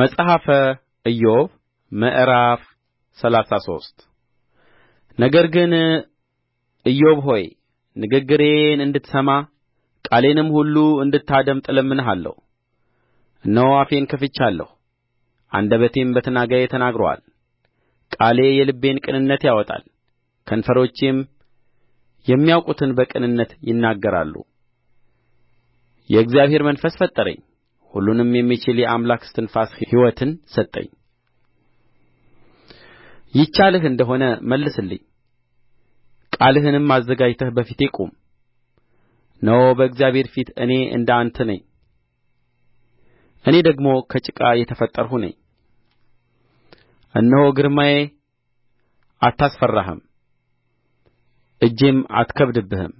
መጽሐፈ ኢዮብ ምዕራፍ ሰላሳ ሶስት ነገር ግን ኢዮብ ሆይ ንግግሬን እንድትሰማ ቃሌንም ሁሉ እንድታደምጥ እለምንሃለሁ እነሆ አፌን ከፍቻለሁ አንደበቴም በትናጋዬ ተናግሮአል ቃሌ የልቤን ቅንነት ያወጣል ከንፈሮቼም የሚያውቁትን በቅንነት ይናገራሉ የእግዚአብሔር መንፈስ ፈጠረኝ ሁሉንም የሚችል የአምላክ እስትንፋስ ሕይወትን ሰጠኝ ይቻልህ እንደ ሆነ መልስልኝ ቃልህንም አዘጋጅተህ በፊቴ ቁም እነሆ በእግዚአብሔር ፊት እኔ እንደ አንተ ነኝ እኔ ደግሞ ከጭቃ የተፈጠርሁ ነኝ እነሆ ግርማዬ አታስፈራህም እጄም አትከብድብህም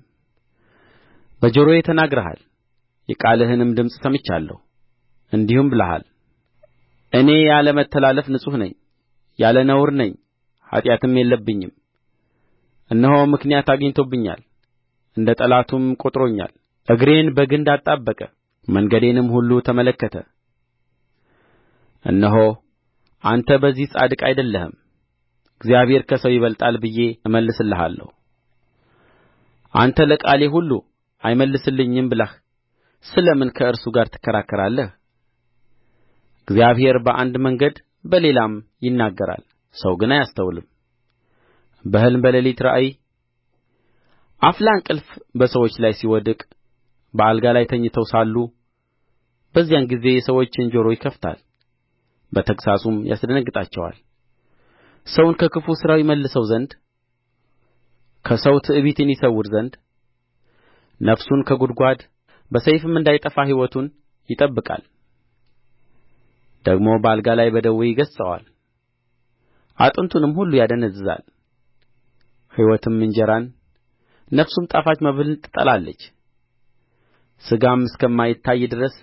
በጆሮዬ ተናግረሃል የቃልህንም ድምፅ ሰምቻለሁ እንዲህም ብለሃል እኔ ያለ መተላለፍ ንጹሕ ነኝ ያለ ነውር ነኝ ኃጢአትም የለብኝም እነሆ ምክንያት አግኝቶብኛል እንደ ጠላቱም ቈጥሮኛል እግሬን በግንድ አጣበቀ መንገዴንም ሁሉ ተመለከተ እነሆ አንተ በዚህ ጻድቅ አይደለህም እግዚአብሔር ከሰው ይበልጣል ብዬ እመልስልሃለሁ አንተ ለቃሌ ሁሉ አይመልስልኝም ብለህ ስለ ምን ከእርሱ ጋር ትከራከራለህ እግዚአብሔር በአንድ መንገድ በሌላም ይናገራል ሰው ግን አያስተውልም በሕልም በሌሊት ራእይ አፍላ እንቅልፍ በሰዎች ላይ ሲወድቅ በአልጋ ላይ ተኝተው ሳሉ በዚያን ጊዜ የሰዎችን ጆሮ ይከፍታል በተግሣጹም ያስደነግጣቸዋል ሰውን ከክፉ ሥራው ይመልሰው ዘንድ ከሰው ትዕቢትን ይሰውር ዘንድ ነፍሱን ከጕድጓድ በሰይፍም እንዳይጠፋ ሕይወቱን ይጠብቃል ደግሞ በአልጋ ላይ በደዌ ይገሥጸዋል አጥንቱንም ሁሉ ያደነዝዛል ሕይወትም እንጀራን ነፍሱም ጣፋጭ መብልን ትጠላለች ሥጋም እስከማይታይ ድረስ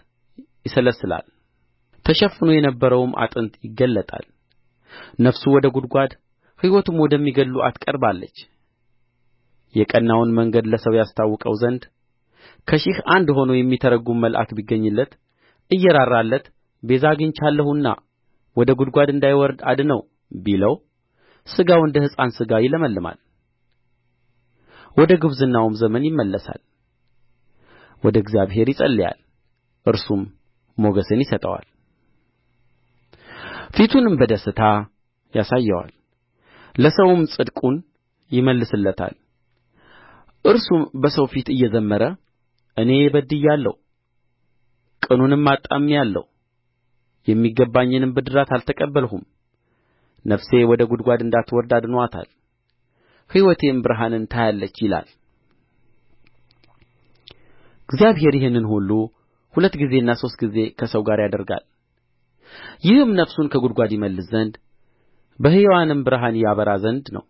ይሰለስላል ተሸፍኖ የነበረውም አጥንት ይገለጣል ነፍሱ ወደ ጕድጓድ ሕይወቱም ወደሚገድሉአት ቀርባለች የቀናውን መንገድ ለሰው ያስታውቀው ዘንድ ከሺህ አንድ ሆኖ የሚተረጕም መልአክ ቢገኝለት እየራራለት ቤዛ አግኝቻለሁና ወደ ጕድጓድ እንዳይወርድ አድነው ቢለው ሥጋው እንደ ሕፃን ሥጋ ይለመልማል ወደ ጕብዝናውም ዘመን ይመለሳል ወደ እግዚአብሔር ይጸልያል እርሱም ሞገስን ይሰጠዋል ፊቱንም በደስታ ያሳየዋል ለሰውም ጽድቁን ይመልስለታል እርሱም በሰው ፊት እየዘመረ እኔ በድያለሁ ቅኑንም አጣምሜአለሁ የሚገባኝንም ብድራት አልተቀበልሁም ነፍሴ ወደ ጕድጓድ እንዳትወርድ አድኖአታል ሕይወቴም ብርሃንን ታያለች ይላል እግዚአብሔር ይህን ሁሉ ሁለት ጊዜና ሦስት ጊዜ ከሰው ጋር ያደርጋል ይህም ነፍሱን ከጕድጓድ ይመልስ ዘንድ በሕያዋንም ብርሃን ያበራ ዘንድ ነው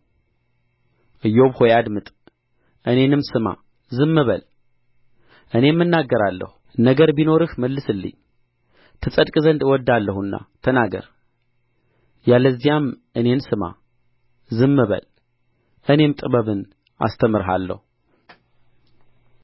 ኢዮብ ሆይ አድምጥ እኔንም ስማ ዝም በል እኔም እናገራለሁ ነገር ቢኖርህ መልስልኝ ትጸድቅ ዘንድ እወድዳለሁና ተናገር ያለዚያም እኔን ስማ ዝም በል እኔም ጥበብን አስተምርሃለሁ